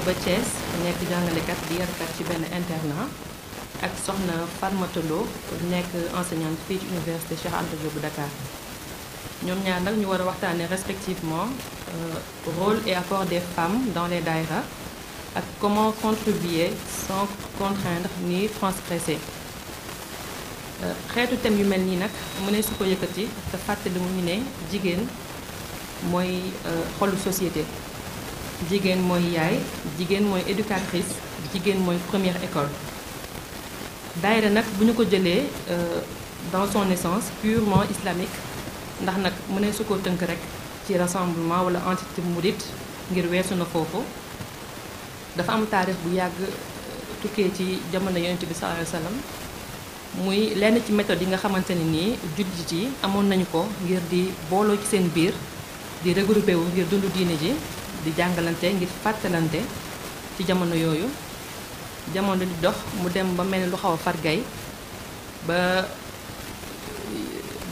jóge ba Thiès nekk jàngalekat di yarkat ci benn internat ak soxna Fatmata Lo nekk enseignante fii ci université Cheikh Anta Diop bu Dakar ñoom ñaar nag ñu war a waxtaane respectivement euh, rôle et apport des femmes dans les daïra ak comment contribuer sans contraindre ni transgresser euh, xeetu thème yu mel nii nag mu ne su ko yëkkati te fàttali mu ñu ne jigéen mooy euh, xolu société jigéen mooy yaay jigéen mooy éducatrice jigéen mooy première école daayira nag bu ñu ko jëlee euh, dans son essence purement islamique ndax nag mu ne su ko tënk rek ci rassemblement wala entité mouride ngir weesu na foofu dafa am taarix bu yàgg euh, tukkee ci jamono yonent bi sallallahu alayhi wasallam muy lenn ci méthode yi nga xamante ni nii jullit yi amoon nañu ko ngir di booloo ci seen biir di regroupé wu ngir dund diine ji di jangalante ngir fatalante ci jamono yoyu jamono di dox mu dem ba mel lu xaw far gay ba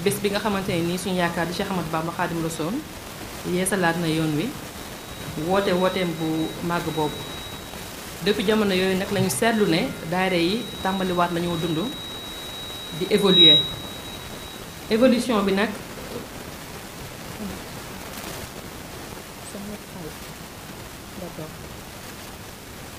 bes bi nga xamanteni ni suñu yaakaar di Cheikh Ahmad Bamba Khadim Rasoul yeesalat na yoon wi wote wote bu mag bob depuis jamono yoyu nak lañu ne daayira yi wat lañu dundu di évoluer évolution bi nak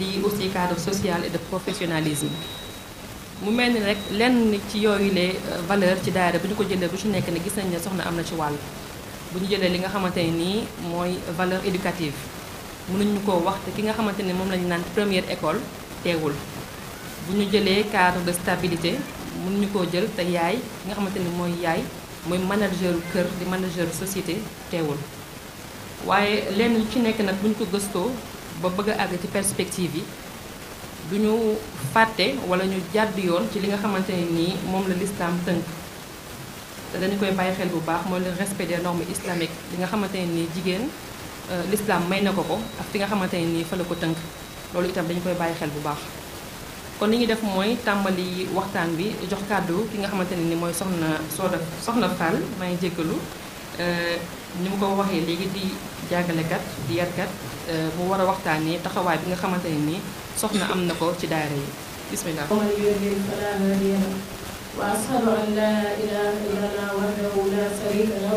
di aussi cadre social et de professionnalisme mu mel ni rek lenn ni ci yooyu les euh, valeur ci daayira bu ñu ko jëlee bu ci nekk ne gis nañ ne soxna am na ci wàll bu ñu jëlee li nga xamante ne nii mooy valeur éducative ñu ko wax te ki nga xamante ne moom lañu naan première école teewul bu ñu jëlee cadre de stabilité mënuñu koo jël te yaay ki nga xamante ni mooy yaay mooy manager kër di manager société teewul waaye lenn ci nekk nag bu ñu ko ba bëgg a ci perspective yi du ñu wala ñu jàdd yoon ci li nga xamante ne nii la lislaam tënk koy bàyyi xel bu baax le respect des normes islamiques li nga xamante ne nii jigéen euh, lislaam na ko ak fi nga xamante ne fa la ko tënk loolu itam dañu koy bàyyi xel bu baax kon li def bi jox ki nga soxna ni mu ko waxee léegi di jàngalekat di yarkat mu war a waxtaanee taxawaay bi nga xamante ne nii soxna am na ko ci daara yi bismillah ومن يضلل فلا هادي له وأشهد أن لا إله إلا الله وحده لا شريك له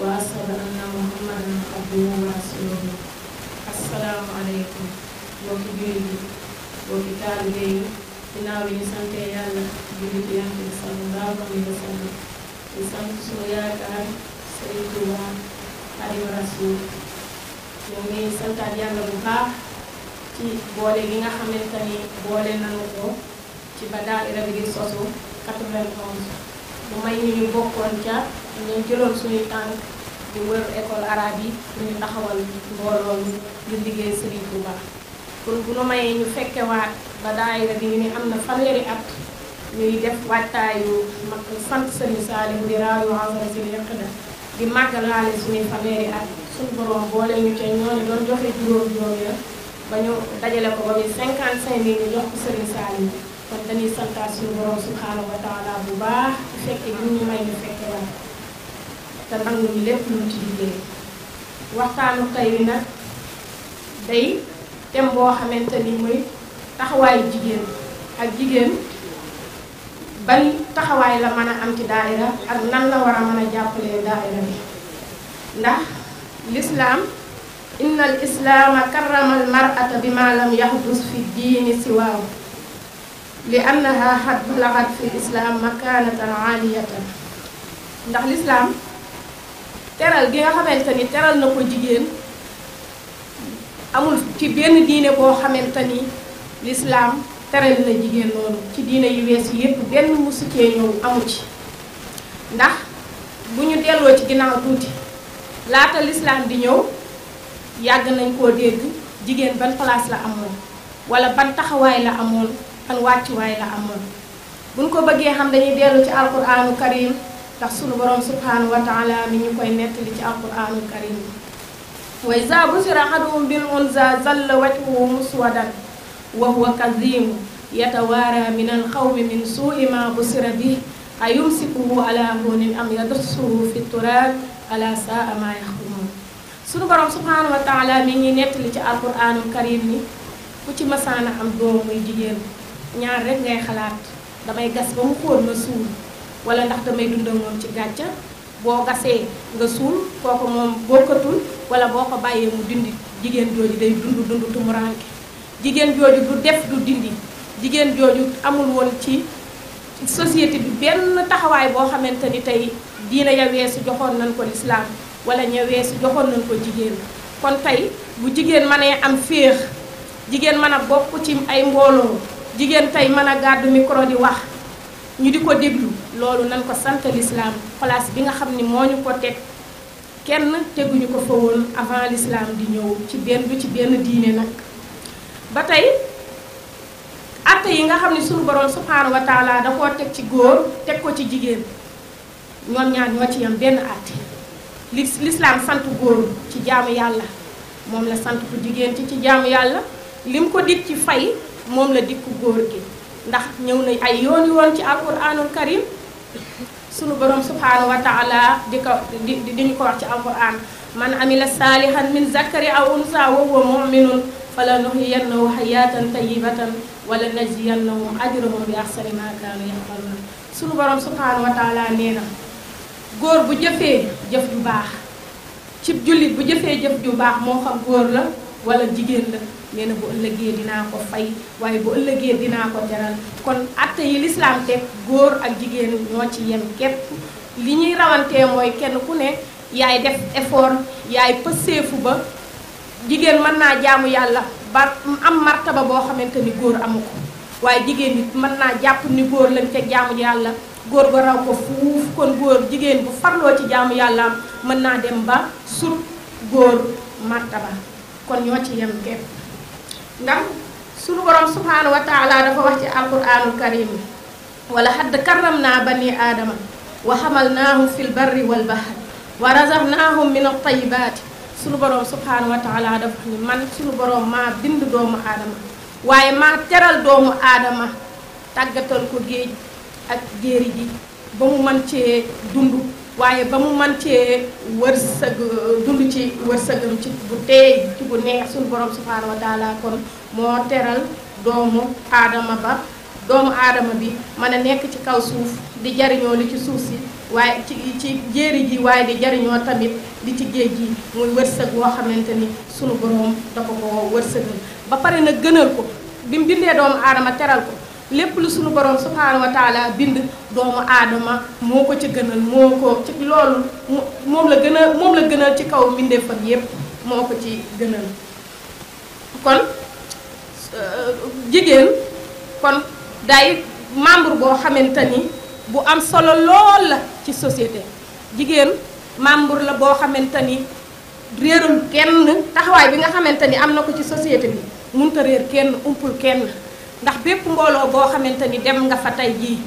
وأشهد أن محمدا عبده ورسوله السلام عليكم mbokki jullit yi mbokki taalibe yi ginnaaw bi ñu sante yàlla jullit yàlla sallallahu alayhi wa sallam di sant suñu yaakaar Sëriñ Tuuba Xaadimu Rasuul ñu ngi santaat yàlla bu baax ci boole gi nga xamante ni boole nanu ko ci ba daayira bi di sosu 91 mu may ñu ñu bokkoon ca ñu jëloon suñuy tànk di wër école arabe yi pour ñu taxawal mbooloo mi ñu liggéey Sëriñ Tuuba pour bu nu mayee ñu fekkewaat ba daayira bi ñu ne am na fanweeri at ñuy def waajtaayu mag sant Sëriñ Saaliw di raayu engrasi bi yëq na di màggalaale suñuy famille ak suñu borom boole ñu ca ñooñu doon joxe juróom juróom ya ba ñu dajale ko ba muy 55 mille ñu jox ko Serigne Saliou kon dañuy santaat suñu borom subhanahu wa taala bu baax fekke bi ñu may ñu fekke la te nangu ñu lépp lu ci liggéey waxtaanu tey wi nag day tem boo xamante ni muy taxawaayu jigéen ak jigéen بل تخواي لا مانا ام كي دائره اك نان لا ورا مانا جابلي دائره بي نده الاسلام ان الاسلام كرم المراه بما لم يحدث في الدين سواه لانها حد بلغت في الاسلام مكانه عاليه نده الاسلام teral gi nga xamanteni teral na ko jigéen amul ci benn diine boo xamanteni l'islam teral na jigéen noonu ci diine yu wees yi yépp benn musu cee ñëw amu ci ndax bu ñu delloo ci ginnaaw tuuti laata lislaam di ñëw yàgg nañ koo dégg jigéen ban place la amoon wala ban taxawaay la amoon ban wàccuwaay la amoon buñ ko bëggee xam dañuy dellu ci alquraanu karim ndax sunu borom subhanahu wa taala ñu koy nettali ci alquraanu karim wa iza bushira ahaduhum la unsa zalla wajhuhu muswadan wa huwa kadhimu yatawaara min alxawmi min suui ma busira bi ayumsikuhu ala hunin am yadussuhu fi turaab ala saa ma yaxkumun sunu borom subhanahu wa mi ngi nettali ci alquraanul karim ni ku ci masaana am doom muy jigéen ñaar rek ngay xalaat damay gas ba mu xóot ma suul wala ndax damay dund moom ci gàcca boo gasee nga suul kooku moom bokkatul wala boo ko bàyyee mu dindi jigéen jooju day dund dund tumuraanke jigéen jooju du def du dindi jigéen jooju amul woon ci société bi benn taxawaay boo xamante ni tey diina ya weesu joxoon nañ ko lislaam wala ña weesu joxoon nañ ko jigéen kon tey bu jigéen nee am féex jigéen mën a bokk ci ay mbooloo jigéen tey mën a gàddu micro di wax ñu di ko déglu loolu nañ ko sant lislaam place bi nga xam ni moo ñu ko teg kenn teguñu ko fa woon avant lislaam di ñëw ci benn ci benn diine nag ba tey atte yi nga xam ne sunu borom subhaanahu wa taala da teg ci góor teg ko ci jigéen ñoom ñaar ñoo ci yam benn atte li lislaam sant góor ci jaamu yàlla moom la sant ku jigéen ci ci jaamu yàlla lim ko dit ci fay moom la dikku góor gi ndax ñëw na ay yoon yoon ci alquranul karim sunu borom subhaanahu wa taala di ko di di ñu ko wax ci alquran man amila saalihan min zakari aw unsa wa huwa muminun falanuhyiyannahum hayaatan tayyibatan wala najziyannahum ajrahum bi ahsani ma na ya'maluna sunu borom subhaanahu wa taala nee na góor bu jëfee jëf ju baax cib jullit bu jëfee jëf ju baax moo xam góor la wala jigéen la nee bu ëllëgee dinaa ko fay waaye bu ëllëgee dinaa ko jaral kon atte yi lislaam teg góor ak jigéen ñoo ci yem képp li ñuy rawantee mooy kenn ku ne yaay def effort yaay pëseefu ba jigéen mën naa jaamu yàlla ba am martaba boo xamante ni góor amu ko waaye jigéen nit mën naa jàpp ni góor lañ ca jaamu yàlla góor ba raw ko fuuf kon góor jigéen bu farloo ci jaamu yàllaam mën naa dem ba sur góor kon ñoo ci yem képp ndax sunu borom subhaanahu wa taala dafa wax ci alquraanul karim wa xamal naahum fil barri wal wa razaqnaahum min sunu borom subhaanahu wa taala dafa ni man suñu borom maa bind doomu aadama waaye maa teral doomu aadama tàggatal ko géej ak jéeri ji ba mu mën ci dund waaye ba mu mën cee wërsëg dund ci wërsëgam ci bu teey ci bu neex sunu borom subhaanahu wa taala kon moo teral doomu aadama ba doomu aadama bi mën a nekk ci kaw suuf di jariñoo li ci suuf si waaye ci ci jéeri ji waaye di jariñoo tamit di ci géej gi muy wërsëg boo xamante ni sunu boroom da ko ko wërsëgal ba pare na gënal ko bi mu bindee doomu aadama teral ko lépp lu sunu borom subhaanahu wa bind doomu aadama moo ko ci gënal moo ko ci loolu moom la gën a la gënal ci kaw mbindeefam yépp moo ko ci gënal kon euh, jigéen kon day membre boo xamante ni bu am solo lol ci société jigen membre la bo xamanteni ni kenn taxaway bi nga xamanteni amna ko ci société bi munta rer kenn umpul kenn ndax bepp mbolo bo xamanteni dem nga fa tay ji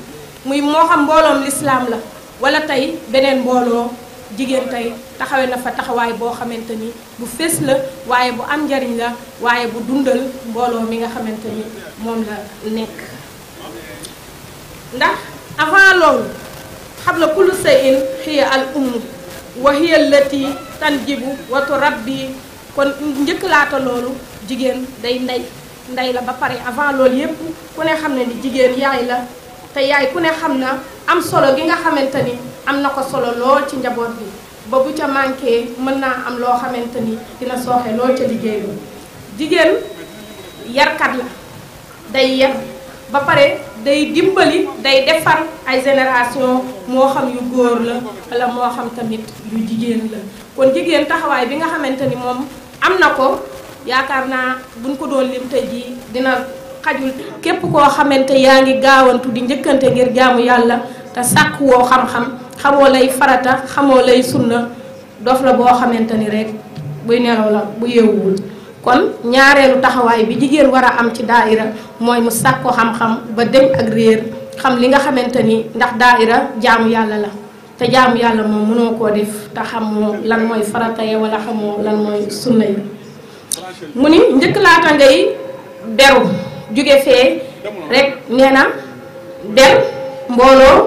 muy mo xam mbolom l'islam la wala tay benen mbolo jigen tay taxawé na fa taxaway bo xamanteni bu fess la waye bu am jariñ la waye bu dundal mbolo mi nga xamanteni mom la nek ndax avant loolu xam na la kullu sayin xiya al ummu wa hiya allati tanjibu wa bi kon njëkk laata loolu jigéen day ndey ndey la ba pare avant loolu yépp ku ne xam ne ni jigéen yaay la te yaay ku ne xam na am solo gi nga xamante ni am na ko solo lool ci njaboot bi ba bu ca manqué mën naa am loo xamante ni dina sooxe lool ca liggéey bi jigéen yarkat la day yar ba pare day dimbali day defar ay génération moo xam yu góor la wala moo xam tamit yu jigéen la kon jigéen taxawaay bi nga xamante ni moom am na ko yaakaar naa buñ ko doon lim tey jii dina xajul képp koo xamante yaa ngi gaawantu di njëkkante ngir jaamu yàlla te sàkk woo xam-xam xamoo lay farata xamoo lay sunna dof la boo xamante ni rek buy nelaw la bu yeewul kon ñaareelu taxawaay bi jigéen war a am ci daaira mooy mu sàkko xam-xam ba dem ak réer xam li nga xamante ni ndax daaira jaamu yàlla la te jaamu yàlla moom mënoo koo def te xamoo lan mooy farata yi wala xamoo lan mooy sunna yi mu ni njëkk laata ngay beru jóge fee rek nee na dem mbooloo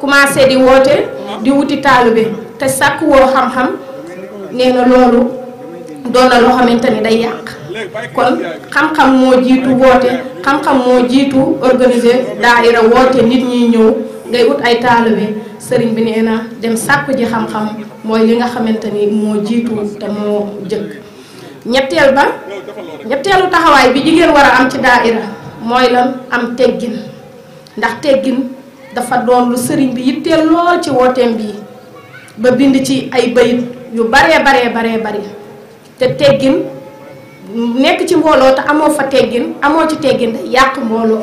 commencé di woote di wuti bi te sàkk woo xam-xam nee na loolu doon na loo xamante ni day yàq kon xam-xam moo jiitu woote xam moo jiitu organiser daayira woote nit ñi ñëw ngay wut ay taalibe sëriñ bi nee na dem sàkku ji xam-xam mooy li nga xamante ni moo jiitu te moo jëkk ñetteel ba ñetteelu taxawaay bi jigéen war a am ci daayira mooy lan am teggin ndax teggin dafa doon lu sëriñ bi yitteel lool ci wooteem bi ba bind ci ay bayit yu baree baree baree bari te teggin nekk ci mbooloo te amoo fa teggin amoo ci teggin yàq mbooloo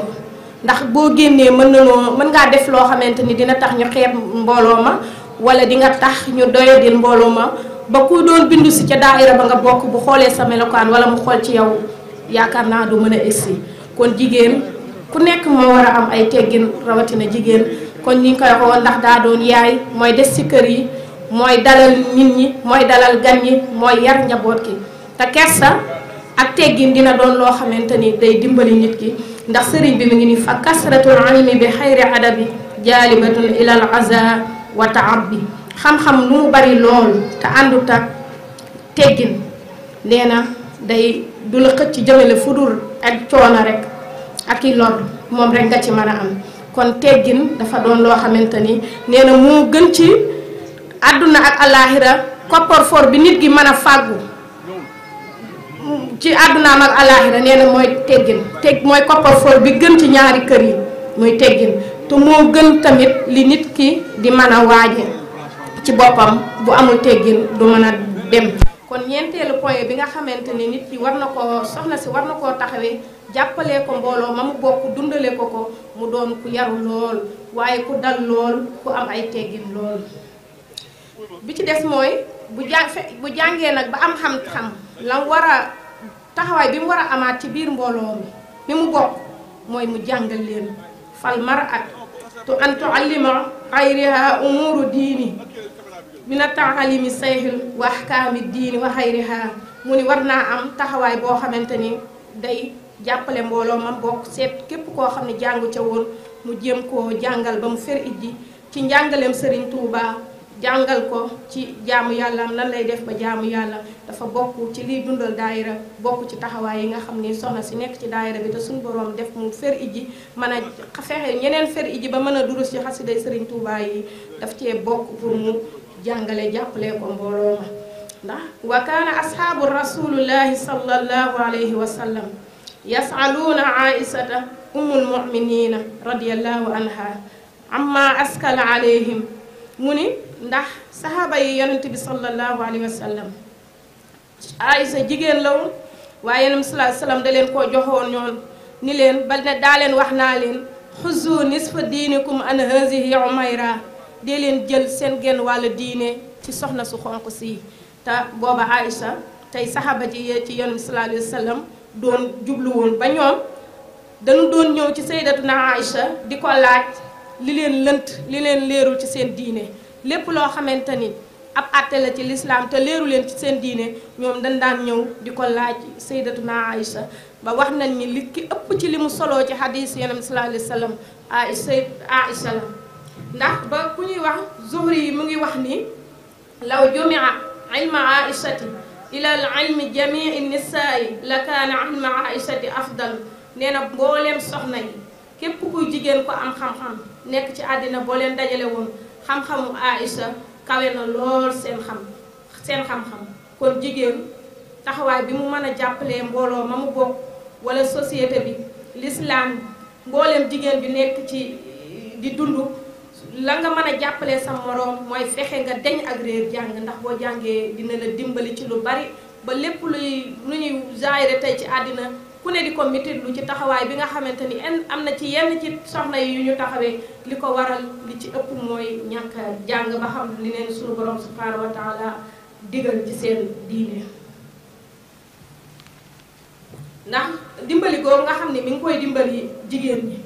ndax boo génnee mën na loo mën ngaa def loo xamante ni dina tax ñu xeeb mbooloo ma wala di nga tax ñu doyadil mbooloo ma ba ku doon bindu si ca daayira ba nga bokk bu xoolee sa melokaan wala mu xool ci yow yaakaar naa du mën a egsi kon jigéen ku nekk moo war a am ay teggin rawatina jigéen kon ñu ko koy ndax daa doon yaay mooy des ci kër yi mooy dalal nit ñi mooy dalal gan ñi mooy yar njaboot ki te kersa ak teggin dina doon loo xamante ni day dimbali nit ki ndax sëriñ bi mu ngi ni fa kasratul ilmi bi xayri adabi jaalibatun ilal aza bi xam lu mu bari loolu te àndut ak teggin nee na day du xëcc jëmale fu dul ak coono rek ak moom rek nga ci mën a am kon teggin loo xamante ni nee na moo gën ci àdduna ak alaaxira kopporfor bi nit ki mën a fàggu ci àddunaam ak alaaxira nee na mooy teggin teg mooy kopporfor bi gën ci ñaari kër yi muy teggin te moo gën tamit li nit ki di mën a waaje ci boppam bu amul teggin du mën a dem kon ñeenteelu point bi nga xamante ni nit ki war na ko soxna si war na koo taxawee jàppalee ko mbooloo ma mu bokk dundale ko ko mu doom ku yaru lool waaye ku dal lool ku am ay teggin lool bi ci des mooy bu ja bu jàngee nag ba am xam-xam la war a taxawaay bi mu war a amaat ci biir mbooloo mi mi mu bokk mooy mu jàngal leen fal mar'at tu an tuallima xayriha umuru diini mina taalimi sayhil wa ahkaami diini wa xayriha mu ni war naa am taxawaay boo xamante ni day jàppale mbooloo ma bokk seet képp koo xam ne jàngu ca woon mu jéem koo jàngal ba mu fer it ji ci njàngaleem sëriñ tuubaa jàngal ko ci jaamu am nan lay def ba jaamu yàlla dafa bokk ci liy dundal daayira bokk ci taxawaay yi nga xam ni soxna si nekk ci daayira bi te suñu boroom def mu fer iji mën a fexe ñeneen fer iji ba mën a durus ci xasiday Serigne Touba yi daf cee bokk pour mu jàngale jàppale ko mbooloo ma ndax wa kaana ashaabu rasulillahi sallallahu alayhi wa sallam yasaluuna aisata umul muminina radiallahu anha amma askala alayhim mu ni ndax saxaaba yi yonent bi sallallahu alayhi wa sallam jigéen la woon waaye yonent bi sallallahu alayhi koo joxoon ñoon ni leen ba ne daa wax naa leen xuzu nisfa diinikum an hazihi umayra dee leen jël seen gen wàll diine ci soxna su xonq si te booba Aysa tey saxaaba ji ci yonent bi sallallahu alayhi wa doon jublu ba ñoom dañu doon ñëw ci saydatuna Aysa di ko laaj li leen lënt li leen leerul ci seen diine lépp loo xamante ni ab àtte la ci lislaam te leeru leen ci seen diine ñoom dañ daan ñëw di ko laaj sayyidatuna Aïcha ba wax nañ ni li ki ëpp ci li mu soloo ci hadis yenam sallallahu alayhi wa sallam Aïcha Aïcha la ndax ba ku ñuy wax Zuhri yi mu ngi wax ni law jumia ilma Aïchati ila al ilmi jamii nisaai la kaana ilma Aïchati afdal nee na mbooleem soxna yi képp kuy jigéen ko am xam-xam nekk ci àddina boo leen dajale woon xam-xamu Aïcha kawe na lool seen xam seen xam-xam kon jigéen taxawaay bi mu mën a jàppalee mbooloo ma mu bokk wala société bi l'islam mbooleem jigéen bi nekk ci di dund la nga mën a jàppalee sa moroom mooy fexe nga deñ ak réer jàng ndax boo jàngee dina la dimbali ci lu bari ba lépp luy lu ñuy jaayre tey ci àddina ku ne di ko métit lu ci taxawaay bi nga xamante ni en am na ci yenn ci soxna yi yu ñu taxawee li ko waral li ci ëpp mooy ñàkk jàng ba xam li leen suñu borom subhanahu wa taala digal ci seen diine ndax dimbali googu nga xam ne mi ngi koy dimbali jigéen ñi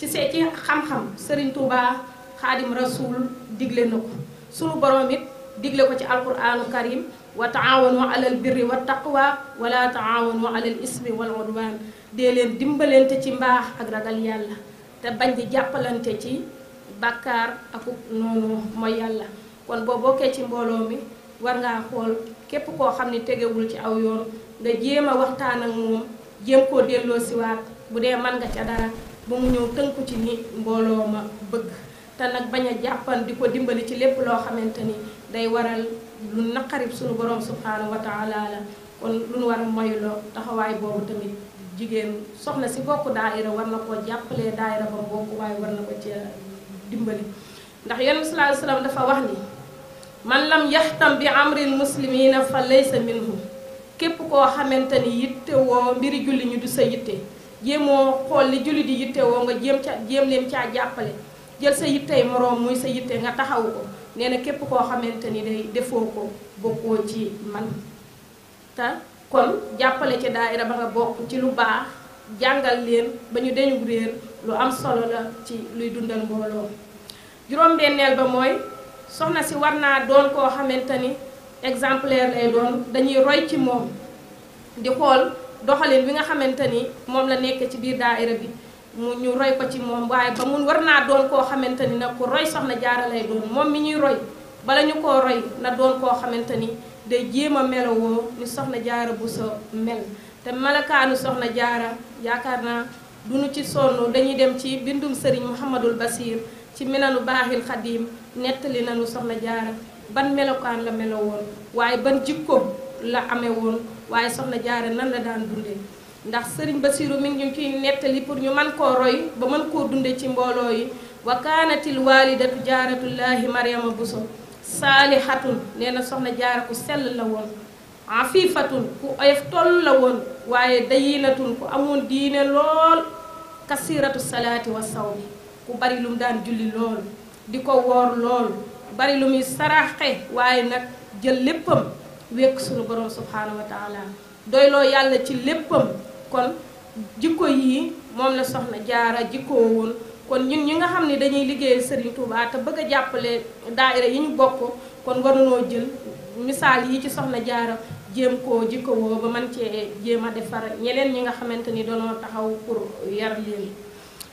ci see ci xam-xam Serigne Touba Xaadim Rasoul digle na ko sunu borom it digle ko ci alquranu karim wa taawanu alal birri wa taqwa wala taawanu alal ismi wal udwan dee leen dimbalante ci mbaax ak ragal yàlla te bañ di jàppalante ci bàkkaar akub noonu mooy yàlla kon boo bokkee ci mbooloo mi war ngaa xool képp koo xam ni tegewul ci aw yoon nga jéem a waxtaan ak moom jéem koo delloo siwaat bu dee mën nga ca dara ba mu ñëw tënku ci ni mbooloo ma bëgg te nag bañ a jàppan di ko dimbali ci lépp loo xamante ni day waral lu naqarib suñu borom subhaanahu wa taala la kon lu nu war a moyuloo taxawaay boobu tamit jigéen soxna si bokk daayira war na ko jàppalee daayira ba bokk waaye war na ko ci dimbali ndax yonent bi dafa wax ni man lam yaxtam bi amril muslimina fa laysa minhum képp koo xamante ni yitte woo mbiri julli ñu du sa yitte jéemoo xool li julli di yitte woo nga jéem ca jéem leen caa jàppale jël sa yittey moroom muy sa yitte nga taxawu ko nee képp koo xamante ni day defoo ko bokkoo ci man te kon jàppale ci daayira ba nga bokk ci lu baax jàngal leen ba ñu deñu réer lu am solo la ci luy dundal mbooloo juróom-benneel ba mooy soxna si war naa doon koo xamante ni exemplaire lay doon dañuy roy ci moom di xool doxalin bi nga xamante ni moom la nekk ci biir daa daayira bi mu ñu roy ko ci moom waaye ba mun war naa doon koo xamante ni nag ku roy soxna jaara lay doon moom mi ñuy roy bala ñu koo roy na doon koo xamante ni day jéem a melowoo ni soxna jaara bu sa mel te melakaanu soxna jaara yaakaar naa duñu ci sonn dañuy dem ci bindum sëriñ Mouhamadul Basir ci minanu baaxil xadim nettali nanu soxna jaara ban melokaan la melo waaye ban jikko la amee woon waaye soxna jaara nan la daan dundee ndax sëriñ Basiru mi ngi ñu ci nettali pour ñu man koo roy ba mën koo dundee ci mbooloo yi wa kaanatil waalidatu jaaratullaahi mariama buso saalihatun nee na soxna jaara ku sell la woon afifatun ku oyof toll la woon waaye dayinatun ku amoon diine lool kasiratu salaati wa sawmi ku bari lum daan julli lool di ko woor lool bari lu muy saraxe waaye nag jël léppam wékk sunu borom subhaanahu wa doyloo yàlla ci léppam kon jikko yii moom la soxna jaara jikkoo woon kon ñun ñi nga xam ni dañuy liggéeyal Serigne Touba te bëgg a jàppale daayira yi ñu bokk kon waruñoo jël misaal yi ci soxna jaara jéem koo jikkowoo ba man cee jéem a defar ñeneen ñi nga xamante ni doonoo taxaw pour yar leen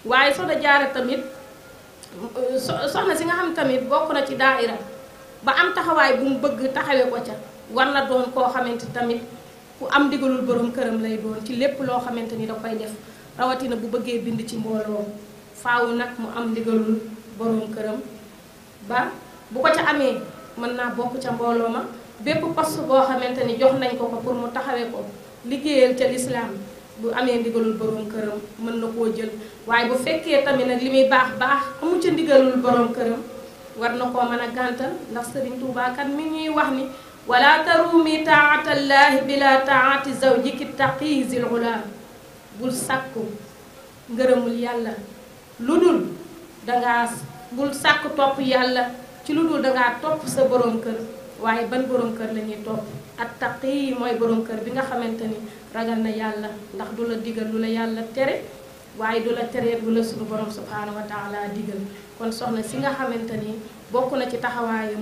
waaye soxna jaara tamit soxna si nga xam tamit bokk na ci daayira ba am taxawaay bu mu bëgg taxawee ko ca war na doon koo xamante tamit ku am digalul borom këram lay doon ci lépp loo xamante ni da koy def rawatina bu bëggee bind ci mbooloo faaw nag mu am ndigalul borom këram ba bu ko ca amee mën naa bokk ca mbooloo ma bépp poste boo xamante ni jox nañ ko ko pour mu taxawee ko liggéeyal ca lislaam bu amee ndigalul borom këram mën na koo jël waaye bu fekkee tamit nag li muy baax baax amu ca ndigalul borom këram war na koo mën a gàntal ndax Serigne Touba kat mi ñuy wax ni. ولا ترومي طاعة الله بلا طاعة زوجك التقيز الغلام بول ساكو غرمول يالا لودول داغا بول ساكو توب يالا تي لودول داغا توب سا بوروم كير واي بان بوروم كير لا ني توب التقي موي بوروم كير بيغا خامتاني راغال نا يالا داخ دولا ديغال لولا يالا تيري waye dula tere bu la suñu borom subhanahu wa ta'ala digal kon soxna si nga xamanteni bokku na ci taxawaye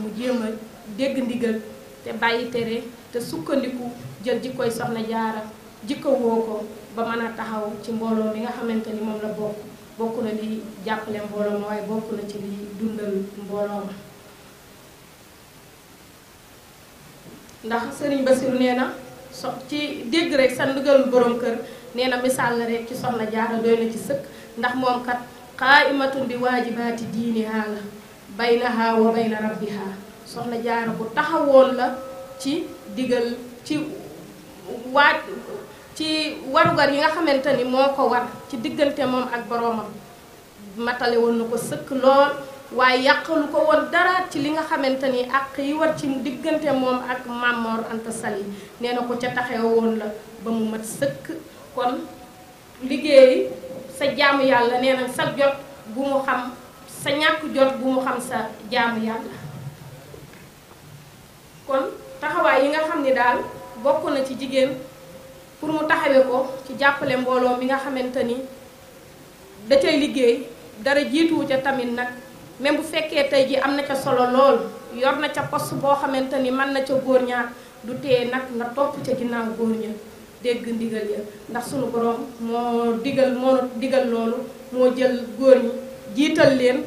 te bàyyi tere te sukkandiku jël jikkoy soxna jaara jikko woo ko ba mën a taxaw ci mbooloo bi nga xamante ni moom la bokk bokk na li jàppale mbooloo ma waaye bokk na ci li dundal mbooloo ma ndax sëriñ ba si nee na so ci dégg rek sa ndigalul borom kër nee na misaal la rek ci soxna jaara doy na ci sëkk ndax moom kat xaa imatun bi waajibaati diinihaa la baynahaa wa bayna rabbihaa soxna jaara bu taxawoon la ci digal ci waaj ci warugar yi nga xamante ni moo ko war ci diggante moom ak boroomam matale woon na ko sëkk lool waaye yàqalu ko woon dara ci li nga xamante ni ak yi war ci diggante moom ak Mamor Anta Sali nee na ko ca taxew la ba mu mat sëkk kon liggéey sa jaamu yàlla nee na sa jot bu mu xam sa ñàkk jot bu mu xam sa jaamu yàlla kon taxawaay yi nga xam ni daal bokk na ci jigéen pour mu taxawe ko ci jàppale mbooloo bi nga xamante ni da cay liggéey dara jiituwu ca tamit nag même bu fekkee tey ji am na ca solo lool yor na ca poste boo xamante ni mën na ca góor ñaar du tee nag nga topp ca ginnaaw góor ña dégg ndigal ya ndax sunu borom moo digal moo digal loolu moo jël góor ñi jiital leen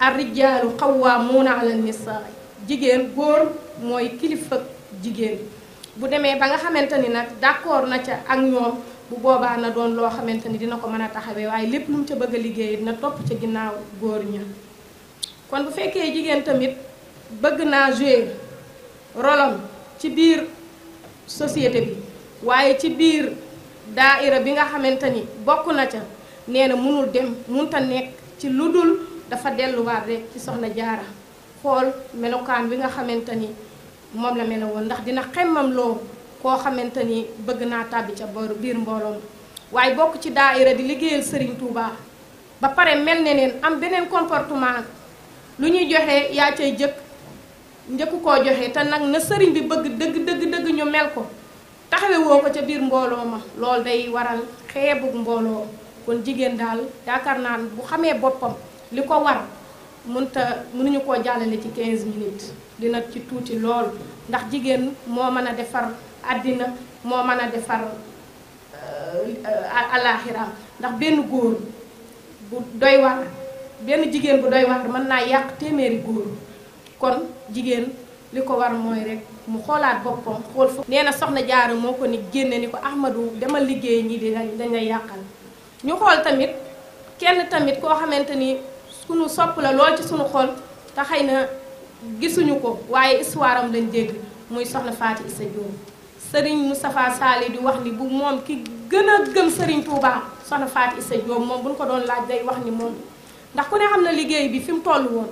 ar rijaalu xawwaamuuna ala nisaa jigéen góor mooy kilifa jigéen bu demee ba nga xamante ni nag d'accord na ca ak ñoom bu boobaa na doon loo xamante ni dina ko mën a taxawee waaye lépp lu ca bëgg a liggéey na topp ca ginnaaw góor ña kon bu fekkee jigéen tamit bëgg naa jouer rolam ci biir société bi waaye ci biir daaira bi nga xamante ni bokk na ca nee na mënul dem mënta nekk ci lu dul dafa delluwaat rek ci soxna jaara xool melokaan bi nga xamante ni moom la mel woon ndax dina xemmam loo koo xamante ni bëgg naa tàbbi ca booru biir mbooloon waaye bokk ci daaira di liggéeyal Serigne Touba ba pare mel ne neen am beneen comportement lu ñuy joxe yaa cay jëkk njëkku koo joxe te nag na sëriñ bi bëgg dëgg dëgg dëgg ñu mel ko taxawe woo ko ca biir mbooloo ma loolu day waral xeebug mbooloo kon jigéen daal yaakaar naa bu xamee boppam li ko war mënta mënuñu koo jàllale ci 15 minutes dina ci tuuti lool ndax jigéen moo mën a defar àddina moo mën a defar alaaxiraam euh, ndax benn góor bu doy waar benn jigéen bu doy waar mën naa yàq téeméeri góor kon jigéen li ko war mooy rek mu xoolaat boppam xool foofu. nee na soxna Diarra moo ko ni génne ni ko Ahmadou demal liggéey ñi di dañ lay yàqal ñu xool tamit kenn tamit koo xamante ni. sunu sopp la lool ci suñu xol te xëy na gisuñu ko waaye histoire am lañ dégg muy soxna Faati Issa Diop Serigne Moustapha Sall di wax ni bu moom ki gën a gëm Serigne Touba soxna Faati Issa Diop moom bu ñu ko doon laaj day wax ni moom ndax ku ne xam na liggéey bi fi mu toll woon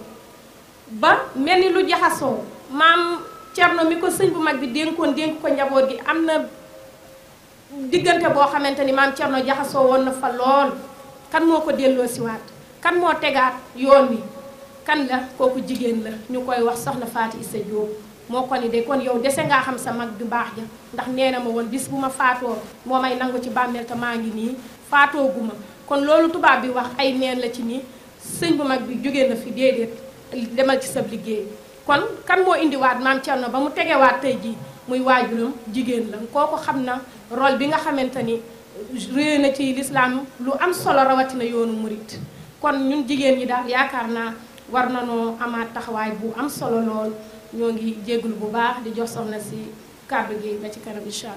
ba mel ni lu jaxasoo maam Cerno mi ko sëñ bu mag bi dénkoon dénk ko njaboot gi am na diggante boo xamante ni maam Cerno jaxasoo woon na fa lool kan moo ko delloo siwaat kan moo tegaat yoon wi kan la kooku jigéen la ñu koy wax soxna Faati Isa Jóob moo ko ni de kon yow dese ngaa xam sa mag ju baax ja ndax nee na ma woon gis bu ma faatoo moo may nangu ci bàmmeel te maa ngi nii faatooguma kon loolu tubaab bi wax ay neen la ci nii sëñ bu mag bi jóge na fi déedéet demal ci sab liggéey kon kan moo indiwaat maam na ba mu tegewaat tey jii muy waajuram jigéen la kooku xam na role bi nga xamante ni réer na ci lislaam lu am solo rawatina yoonu murit kon ñun jigéen ñi daal yaakaar naa war nanoo amaat taxawaay bu am solo lool ñoo ngi jéggul bu baax di jox soxna si kàddu gi ba ci kanam incha